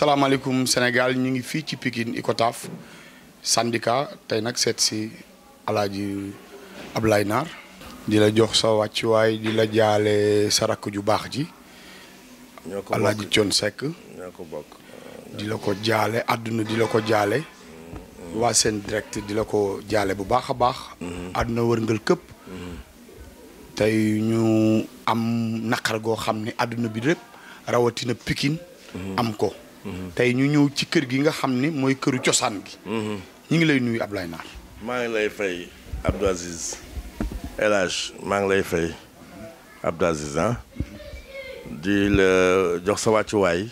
salaamaaleykum Sénégal ñu ngi fii ci pikin Pikine Icotaf sandika tey nag seet si alaaji Ablaye Naar di la jox sa wàccuwaay di la jaale sa rakk ju baax ji alaaji Thione Seck ñoo ko bokk di la ko jaale àdduna di la ko jaale mm-hmm. waa seen direct di la ko jaale bu baax a baax mm-hmm. àdduna wërngël këpp mm-hmm. tey ñu am naqar goo xam ni àdduna bi rek rawatina pikin am ko tey ñu ñëw ci kër gi nga xam ni mooy këru cosaan gi. Mhm. ñu ngi lay nuyu Ablaye Naar. maa ngi lay fay Abdou Aziz El Hadj maa ngi lay fay Abdou Aziz ah di la jox sa wàccuwaay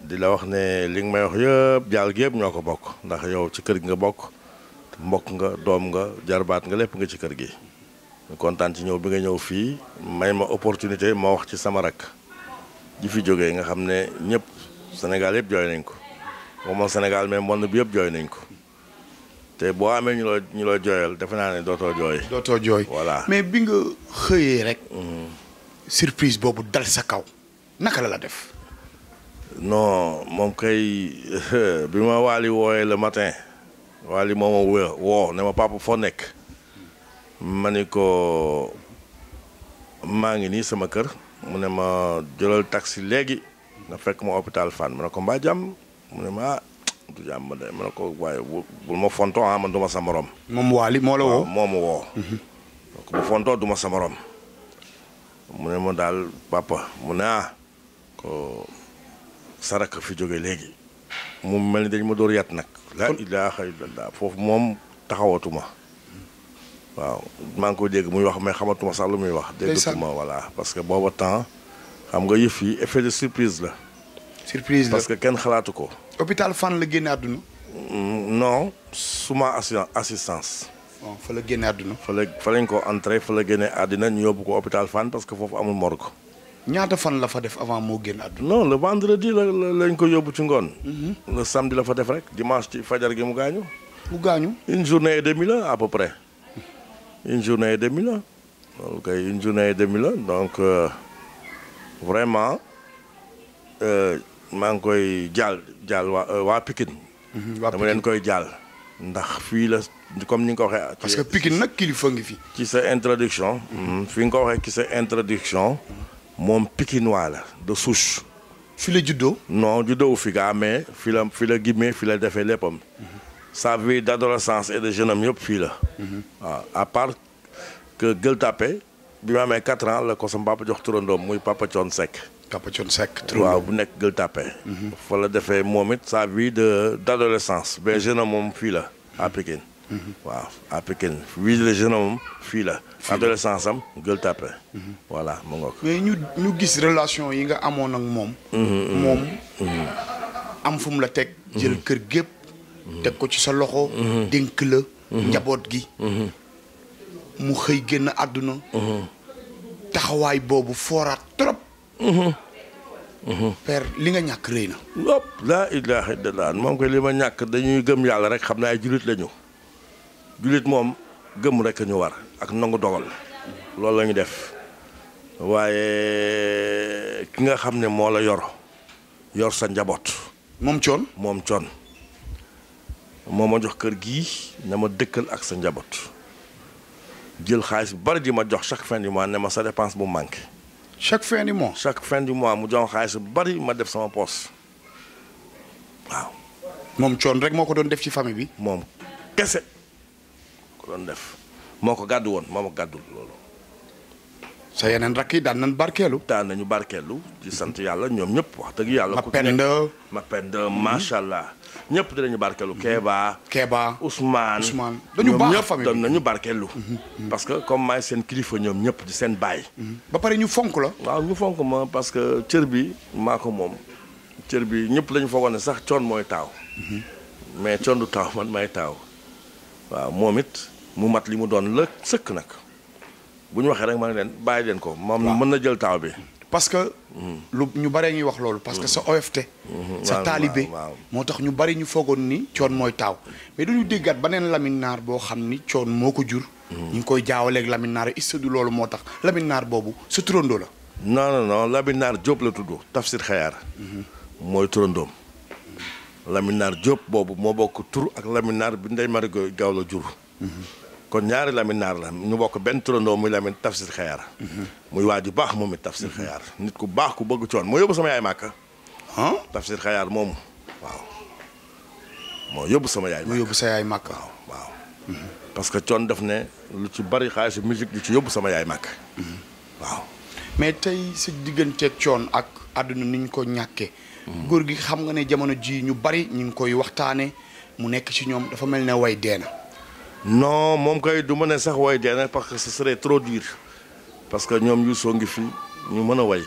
di la wax ne li nga may wax yëpp jàll gi yëpp ñoo ko bokk ndax yow ci kër gi nga bokk mbokk nga doom nga jarbaat nga lépp nga ci kër gi. kontaan ci ñëw bi nga ñëw fii may ma opportunité moo wax ci sama rakk ji fi jógee nga xam ne ñëpp. Sénégal yëpp jooy nañ ko waxuma Sénégal mais monde bi yëpp jooy nañ ko te boo amee ñu loo ñu loo jooyal defe naa ne dootoo jooy. dootoo jooy voilà mais bi nga xëyee rek. Mhm. surprise boobu dal sa kaw naka la la def. non moom kay bi ma waali wooyee le matin waali moom a woo ne ma papa foo nekk ma ni ko maa ngi nii sama kër mu ne ma jëlal taxi léegi na fekk ma hôpital fan mu ne ko mbaa jàmm mu ne ma du jàmm de mu ne ko waaye bul ma fonto ah man duma sa morom moom waali moo la woo moo ma woo donc bu fonto duma sa morom mu ne ma daal papa mu ne ah ko saraka fi jóge léegi mu mel ni dañ ma dóor yat nag la ilaha illallah foofu moom taxawatuma waaw maa ngi ko dégg muy wax mais xamatuma sax lu muy wax déggatuma voilà parce que booba temps xam nga yëf fi effet de surprise la. surprise parce que kenn xalaatu ko. hôpital fan la génne mm, non suma assistance. bon fa la génne àdduna. fa la fa lañ ko entré fa la génne àddina ñu ko hôpital fan parce que foofu amul morgue. ñaata fan la fa def avant moo non le vendredi la lañ ko yóbbu ci mhm. le samedi la fa def rek dimanche ci fajar gi mu gaañu. mu gaañu. une journée et demie la à peu près une journée et demie la une journée donc. Euh, vraiment euh mang koy dial dial wa waa Pikine. Mhm, dama len koy dial ndax fi la comme ni ko waxe parce que Pikine nag kilifa ngi fi. ci sa introduction. Mhm, fi nga ko waxe ci sa introduction. mom Pikine la de souche. fi le judo non judo fi ga mais fi la fi la gimmee fi la defee léppam. Mhm. sa vie d'adolescence et de jeune homme yëpp fii la. waaw à part que Gueule Tapée bi ma amee 4 ans la ko sama papa jox turandoom muy papa John Seck. papa John sec, waaw bu nekk un mhm. fa la defee moom sa vie de d' adolescence ben, mhm. jeune moom fii la à mhm. Pékin. waaw à jeune homme la. adolescence am voilà mu ngoog. mais ñu ñu gis relation yi nga amoon ak moom. moom. am fu la teg. jël kër gépp teg ko ci sa loxo. la. mu xëy génn àdduna uh-huh. taxawaay boobu fooraat trop uh-huh. Uh-huh. père li nga ñàkk rëy na lop laa ilaha illallah moom koy li ma ñàkk dañuy gëm yàlla rek xam naa ay jullit lañu jullit moom gëm rek ñu war ak nangu dogal loolu la def waaye ki nga xam ne moo la yor yor sa njaboot moom coon moom coon ma jox kër gii na ma dëkkal ak sa njaboot jël xaalis bari di chaque fin du mois ne ma sa dépense bu manqué. chaque fin du mois. chaque fin du mois mu jox xaalis bari ma def sama waaw. moom coon rek moo ko def ci famille bi. moom kese ko doon def moo ko gàddu woon sa yeneen rakk yi daan nañ barkeelu. daan nañu barkeelu di sant yàlla ñoom ñëpp wax dëgg yàlla. ku nekk ma pend macha allah. ñëpp dinañu barkeelu. Mhm. Kéba Kéba Ousmane Ousmane dañu baax famille ñoom ñëpp dañu barkeelu. Mhm. Mhm. parce que comme maay seen kilifa ñoom ñëpp di seen baay. ba pare ñu fonk la. waaw ñu fonk ma parce que cër bi maa ko moom. cër bi ñëpp lañu foogoon sax coon mooy taaw. mais coon du taaw man may taaw. waaw moom it mu mat li mu doon la sëkk nag. bu ñu waxee rek ma ne leen bàyyi leen ko. moom mën na jël taaw bi. parce que. lu ñu bare ñuy wax loolu. parce que sa OFT. Mm-hmm. Mm-hmm. sa taalibe moo tax ñu bari ñu foogoon ni coon mooy taaw mais du ñu déggaat beneen laminaar boo xam ni coon moo ko jur. Mm-hmm. ñu koy jaawaleeg laminaar yi du loolu moo tax laminaar boobu sa turandoo la. non non non laminaar Diop la tudd Tafsir Xayaar. mooy turandoom. laminaar Diop boobu moo bokk tur ak laminaar bi Ndeye Marie Gawlo jur. kon ñaari Lamine naar la ñu bokk benn turandoo muy Lamine Tafsir Xayaar muy waa ju baax moom it Tafsir Xayaar nit ku baax ku bëgg coon moo yóbbu sama yaay màkka Tafsir Xayaar moomu waaw moo yóbbu sama yaay yóbbu sa yaay màkk waaw que coon def ne lu ci bari xaalisu musique lu ci yóbbu sama yaay màkk waaw mais tey sa digganteeg coon ak àdduna ni ñu ko ñàkke góor gi xam nga ne jamono ji ñu bari ñu ngi koy waxtaane mu nekk ci ñoom dafa mel ne way deena non moom kay du ma ne sax way dee nag parce que ce trop dur parce que ñoom Youssou ngi fi ñu mën a way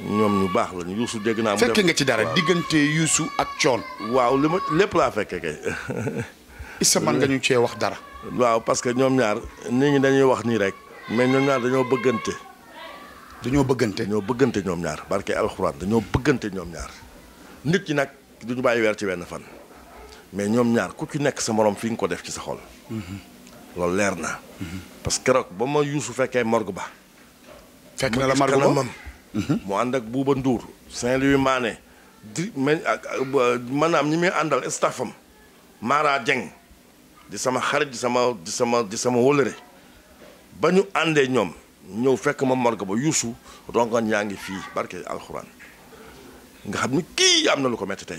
ñoom ñu baax la ñu Youssou dégg naa. mu fekk nga ci dara diggante Youssou ak Thione. waaw li ma lépp laa fekke kay. Issa dañu cee wax dara. waaw parce que ñoom ñaar nit ñi dañuy wax nii rek. mais ñoom ñaar dañoo bëggante. dañoo bëggante dañoo bëggante ñoom ñaar barke alxuraan dañoo bëggante ñoom ñaar nit ñi nag duñu bàyyi weer ci wenn fan. mais ñom ñaar ku ci nek sa morom fi ngi ko def ci sa xol loolu leer na parce que rek ba ma yuusu fekke morgu ba fekk na la morgu mom hmm mu and ak buuba ndour saint louis mané di men ñi mi andal staffam mara jeng di sama xarit di sama di sama di sama wolere bañu andé ñom ñoom fekk ma morgue ba yusu rongon yaa fi barke nga xamni ki amna lu ko metti tay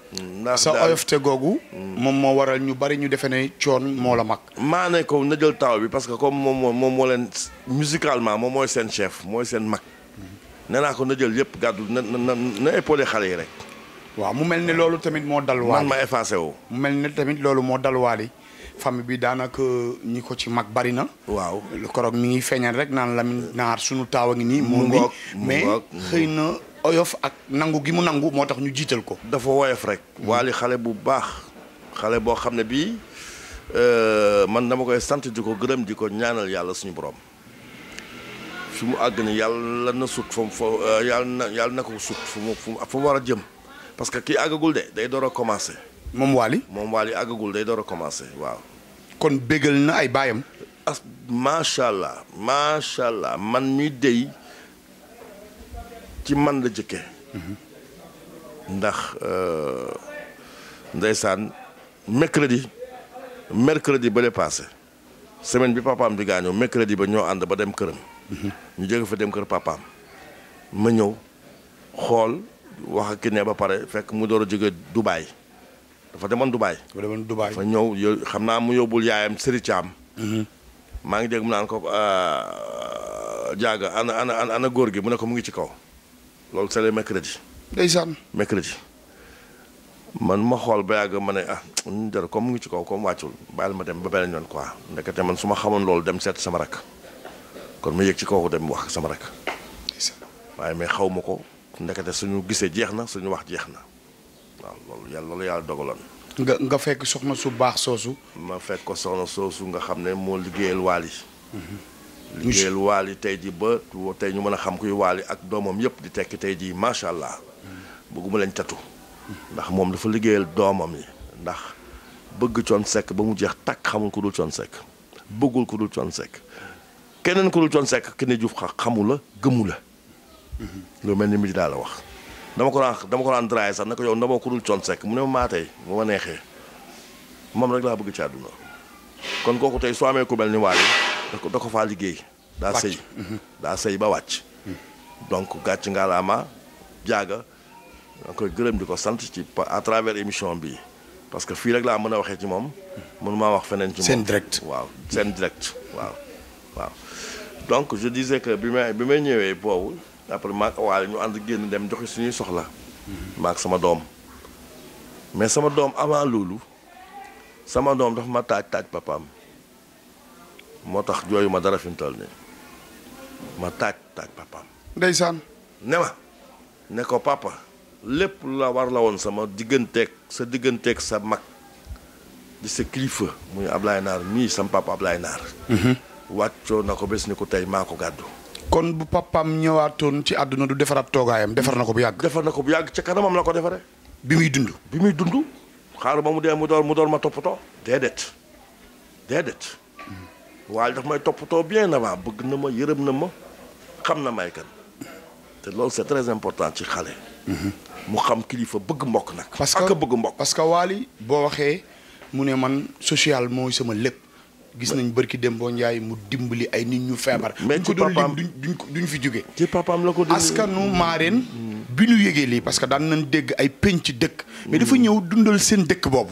Mm, sa oyofte googu. moom moo waral ñu bari ñu defe ne coon moo la mag. maa ne ko na jël taaw bi parce que comme moom moo moom moo leen musicalement moom mooy seen chef mooy seen mag. nee naa ko na jël yëpp gàddu na na na épaulé xale yi rek. waaw mu mel ne loolu tamit moo dal. waali man ma effacé woo. mu mel ne tamit loolu moo dal waali bi daanaka ñi ko ci mag bari na. waaw lu koroog mi ngi feeñal rek naan Lamine suñu taaw a ngi nii. mu ngoog mu ngoog mais xëy na. Mm. oyof ak nangu gi mu nangu moo tax ñu jiital ko. dafa woyof rek. Mm-hmm. Wally xale bu baax xale boo xam ne bii euh, man dama koy sant di ko gërëm di ko ñaanal yàlla suñu borom su mu àgg ni yàlla na sut fa mu euh, yàlla na yàlla na ko sut fu mu fu war a jëm parce que kii àggagul de day door a commencé. moom Wally moom Wally àggagul day door a commencé waaw. kon béggal na ay baayam. as allah macha allah man mi dey ci man la jëkke ndax euh, ndeysaan mercredi mercredi ba le passé semaine bi papaam di gaañoo mercredi ba ñoo ànd ba dem këram ñu jóge fa dem kër papaam ma ñëw xool wax ak ki ba pare fekk mu door a jóge Dubaay dafa demoon Dubaay dafa demoon Dubaay fa ñëw yo xam naa mu yóbbul yaayam Sëri Caam mhm. maa ngi dégg mu naan ko jaaga euh, an ana ana góor gi mu ne ko mu ngi ci kaw loolu c'est le mercredi. ndeysaan mercredi. man ma xool ba yàgg ma ne ah ñu dara comme mu ngi ci kaw comme wàccul bàyyil ma dem ba beneen yoon quoi ndekete man su ma xamoon loolu dem seet sama rakk kon mu yëg ci kaw dem wax sama rakk. waaye mais xaw ma ko ndekete suñu gisee jeex na suñu wax jeex na waaw loolu yàlla loolu dogaloon. nga nga fekk soxna su baax soosu. ma fekk ko soxna soosu nga xam ne moo liggéeyal waal mhm. liggéeyal waali tey ji ba tey ñu mën a xam kuy waali ak doomam yëpp di tekki tey ji macha allah hmm. bëgguma lañ tatu ndax moom dafa liggéeyal doomam yi ndax bëgg Thione ba mu jeex takk xamul ku dul Thione Seck bëggul ku dul Thione Seck keneen ku dul Thione Seck Kine Diouf xamu la gëmu la hmm. lu mel ni mi daal wax dama ko daan dama ko daan sax na ko yow ndamoo ku dul Thione Seck mu ne ma maa tey mu ma neexee moom rek laa bëgg ci àdduna kon kooku tey soo amee ku mel ni waali da ko faa liggéey daa sëy mhm. daa sëy ba wàcc donc gatch ngaalaama jaaga danga koy gërëm di ko sant ci à travers émission bi parce que fi rek la mën a ci mom mënu maa wax fenen ci mom seen direct waaw seen direct waaw waaw donc je disais que bima bima bi may boobu après maag wal ñu ànd génn dem joxe suñu soxla mhm. maag sama dom mais sama dom avant lolu sama dom dafa ma taaj taaj papaam motax tax ma dara fim tolni ma taaj taaj papa ne ma ne ko papa lepp la war la won sama digeuntek sa digeuntek sa mak di sa kilifa muy ablay nar mi sam papa ablay nar hmm waccho nako bes ni ko tay mako gaddu kon bu papaam ñëwaatoon ci aduna du defarat togayam defar nako bu yag defar nako bu yag ci kanamam la defare bi muy dundu bi muy dundu xaru ba mu mu dor mu dor ma topoto dedet dedet mm. waaye daf may toppatoo bien avant bëgg na ma yërëm na ma xam na may kan te loolu c'est très important ci xale. mu xam kilifa bëgg mbokk nag. parce que bëgg mbokk parce que Wally boo waxee mu ne man social mooy sama lépp. gis nañ barki dem boo njaay mu dimbali ay nit ñu feebar. mais ci papaam duñ fi jóge ci papaam la ko askanu maareen. bi ñu yëgee lii parce que daan nañ dégg ay penc dëkk. mais dafa mm. ñëw dundal seen dëkk boobu.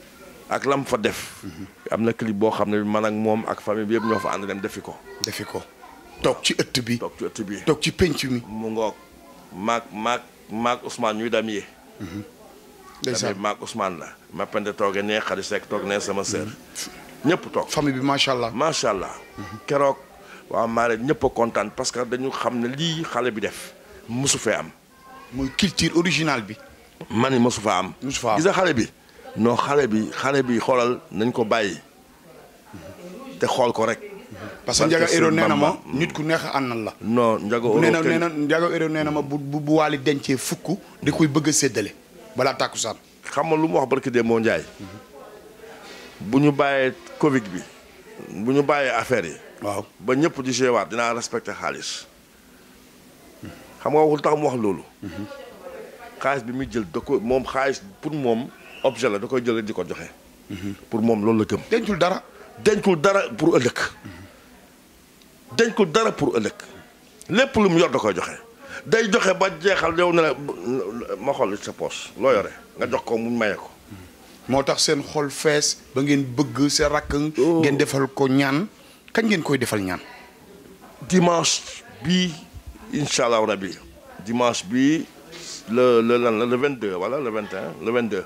ak lam fa def. am na clip boo xam ne man ak moom ak famille bi yëpp ñoo fa ànd dem defi ko. defi ko toog ci ëtt bi. toog ci ëtt bi toog ci penc mi. mu ngoog maag maag maag Ousmane ñuy damyee. ndeysaan damyee maag Ousmane la. ma pende toogee nee xarit Seck toog nee sama sœur. ñëpp toog famille bi macha allah. macha allah. keroog waa Maare ñëpp a kontaan parce que dañu xam ne lii xale bi def mosu fee am. muy culture originale bi. man mosu fa am. mosu fa am gis nga xale bi. non xale bi xale bi xoolal nañ ko bàyyi te xool ko rek. parce que Ndiago Héro nee na ma nit ku neex a la. non Ndiago Héro nee na nee na ma bu bu waali dencee fukk di koy bëgg seddale balaa balaa tàkkusaan. xam nga lu mu wax barki de moo Ndiaye bu ñu bàyyee Covid bi bu ñu bàyyee affaire yi. waaw ba ñépp di géwaat danaa respecté xaalis xam nga waxul tax mu wax loolu. Mhm. xaalis bi muy jël da ko moom xaalis pour moom. objet la da koy jële di ko joxe. Mhm. pour moom loolu la gëm. dencul dara dencul dara pour ëllëg. Mhm. dencul dara pour ëllëg lépp lu mu yor da koy joxe day joxe ba jeexal yow ne la ma xool sa poos loo yore nga jox ko mu maye ko. Mhm. moo tax seen xol fees ba ngeen bëgg sa rakk. Oh. ngeen defal ko ñaan kañ ngeen koy defal ñaan. dimanche bi incha allahu rabi dimanche bi la la lan la le 22 wala le 21 le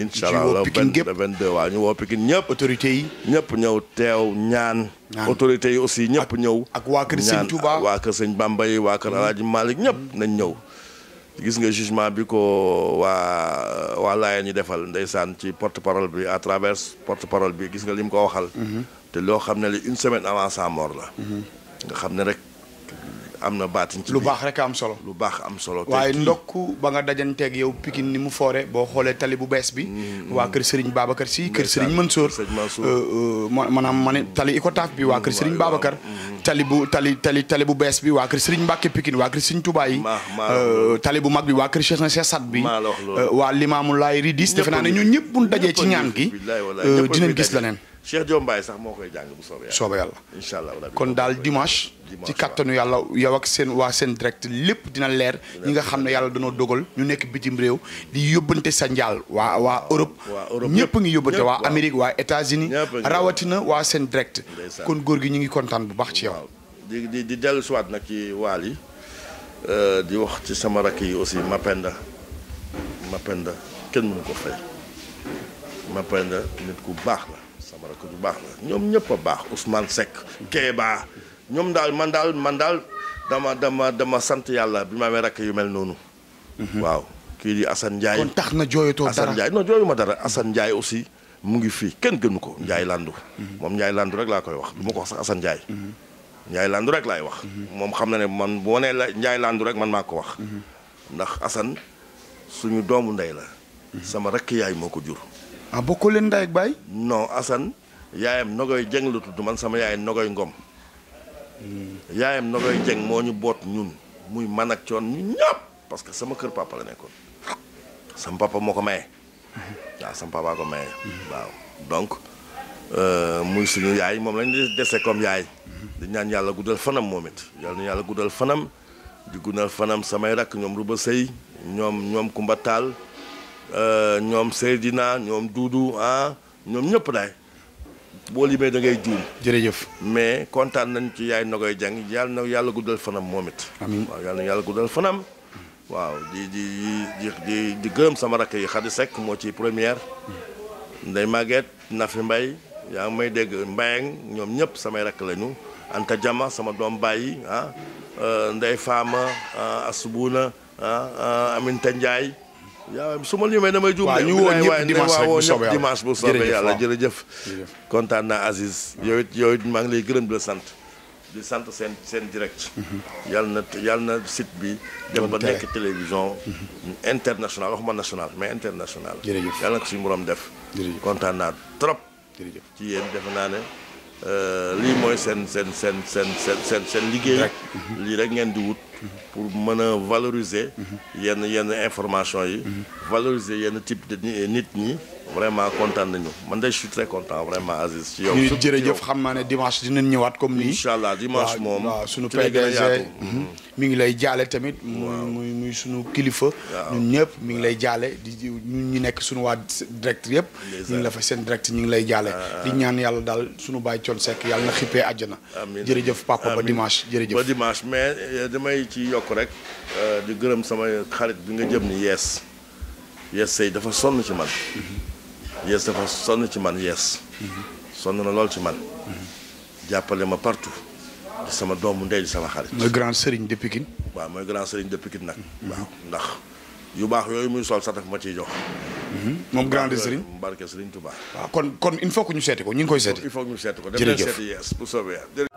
incha allah le 22 waaw ñu woo Pikine ñëpp ah, autorité yi ñaan autorité yi aussi ak kër Touba kër kër nañ gis nga jugement bi ko ñu defal ci porte parole bi à travers porte parole bi gis nga ko waxal hmm. te une semaine avant sa mort la hmm. nga rek am na baatin ci lu baax rek am solo lu baax am solo waaye ndokk ba nga dajanteeg yow Pikine ni mu foore boo xoolee tali bu bees bi mm. waa kër Serigne Babacar Sy kër Serigne Mansour euh, euh, maanaam ma ne tali Icotaf bi waa kër mm, Serigne Babacar mm. tali bu tali tali tali bu bees bi waa kër sëriñ Mbacke Pikine waa kër Serigne Touba yi euh, tali bu mag bi waa kër Cheikh na Cheikh Sat bi waa Limaamu Laay ridis defe naa ne ñun ñëpp buñ dajee ci ñaan gi dinañ gis leneen Cheikh Diombaye sax moo koy jàng bu soobee yàlla. soobee yàlla incha kon daal dimanche. ci kàttanu yàlla yow ak seen waa seen direct lépp dina leer. ñi nga xam ne yàlla danoo dogal ñu nekk bitim réew. di yóbbante sa njaal waa waa Europe. ñëpp ngi yóbbante waa Amérique waa États-Unis rawatina waa seen direct. kon góor gi ñu ngi kontaan bu baax ci yow. di di di dellu si nag ci waal yi euh, di wax ci sama rakk yi aussi Mapenda Mapenda kenn mënu ko fay Mapenda nit ku baax la. samara ko bu baax ñom ñepp baax Ousmane sek keba ñom dal man dal man dal dama dama dama sante yalla bima me rak yu mel nonu mhm. waaw ki di Assane asan kon taxna joyoto dara Assane Ndiaye non joyuma dara Assane Ndiaye aussi mu ngi fi kenn gënu ko Landu mom Ndiaye Landu mhm. rek la koy wax du asan ko wax sax Assane mhm. Landu rek lay wax mom xam na ne man bu ma Landu rek man mako wax ndax Assane suñu doomu ndey la sama rakk yaay moko jur ah bokkoo leen ndaay ak baay. non Assane yaayam Nogoy Dieng lu tudd man sama yaay Nogoy Ngom. yaayam Nogoy Dieng moo ñu boot ñun muy man ak coon ñu ñëpp parce que sama kër papa la nekkoon sama papa moo ko maye. waaw sama papa ko maye. waaw donc euh, muy suñu yaay moom lañ di dese comme yaay. di ñaan yàlla guddal fanam moom it yàlla na yàlla guddal fanam di guddal fanam samay rakk ñoom Ruba Sey ñoom ñoom Kumba Taal. Euh, ñoom Seydina ñoom Doudou ah ñoom ñëpp daay boo limee da ngay juum. jërëjëf mais kontaan nañ ci yaay Nogoy Jang yàlla na yàlla guddal fanam moom it. waaw yàlla na yàlla guddal fanam. waaw di di di di di gërëm sama rakk yi Khady sekk moo ci première. Ndeye Maguette Nafi mbay yaa may dégg Mbayang ñoom ñëpp samay rakk lañu Anta Jama sama doom bàyyi ah euh, Ndeye Fama ah, Asubuna ah, ah Aminta Ndiaye. yaa su ma limee damay juum. waaw ñu woo ñëpp dimanche rek bu soobee yàlla dimanche kontaan naa Aziz. yow it yow maa ngi lay gërëm di sant. di sant seen seen direct. Mhm. yàlla na yàlla na site bi. dem ba nekk télévision. Mhm. internationale waxuma nationale mais international jërëjëf yàlla na ko def. kontaan naa trop. ci yéen naa ne. Euh, lii mooy seen seen seen seen seen seen seen liggéey lii rek ngeen di wut pour mën a valoriser mhm. yenn yenn information yi mhm. valoriser yenn type de nit ñi vraiment kontaan nañu man de je suis vraiment Aziz. ci yow jërëjëf xam naa ne dimanche dinañ ñëwaat comme nii. incha allah dimanche moom waaw suñu PDG mhm. mhm. mi ngi lay jaale tamit. muy muy suñu kilifa. ñun ñëpp mu ngi lay jaale di ñun ñu nekk suñu waa direct yëpp. ñu ngi fa seen direct ñu ngi lay jaale. Ah, ah. di ñaan yàlla daal suñu bàyyi coon sekk yàlla na xippee àjjana. amiin jërëjëf papa ba dimanche jërëjëf. ba dimanche mais eh, damay ci yokk rek. Euh, di gërëm sama xarit bi nga jëm ni yees yees say dafa sonn ci man. Mhm. yees dafa sonn ci man yees mhm. sonn na lool ci man mhm. jàppale ma partout di sama doomu ndey di sama xarit mooy grand sëriñ de Pikine waaw mooy grand sëriñ de Pikine nag mhm. waaw ndax yu baax yooyu muy sol sa daf ma ciy jox moom grand sëriñ mbarke sëriñ Touba waaw kon kon il ñu seeti ko ñu ngi koy seeti il faut seeti ko dem seeti yees